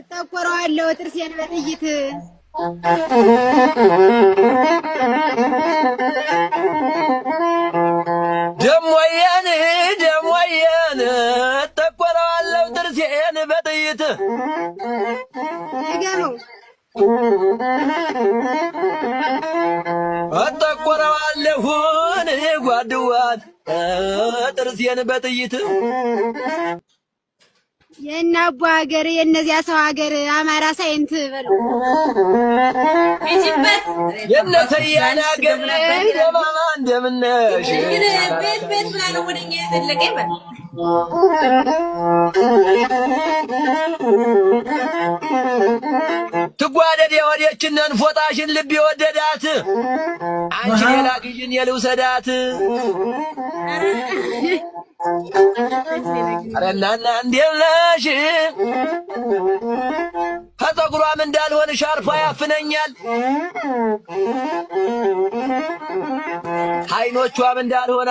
እጠቆረዋለሁ ጥርሴን በጥይት ደሞየን ደሞየን እጠቆረዋለሁ ጥርሴን በጥይት ገመው እጠቆረዋለሁን ጓድዋን ጥርሴን በጥይት የእነ አቦ ሀገር የእነዚያ ሰው ሀገር አማራ ሳይንት በለው ይጅበት ሀገር ቤት ቤት ምናለው ይበል ትጓደድ የወደችነን ፎጣሽን ልብ የወደዳት አንቺ ሌላ የልውሰዳት እንዴት ነሽ? ከፀጉሯም እንዳልሆን ሻርፏ ያፍነኛል፣ አይኖቿም እንዳልሆነ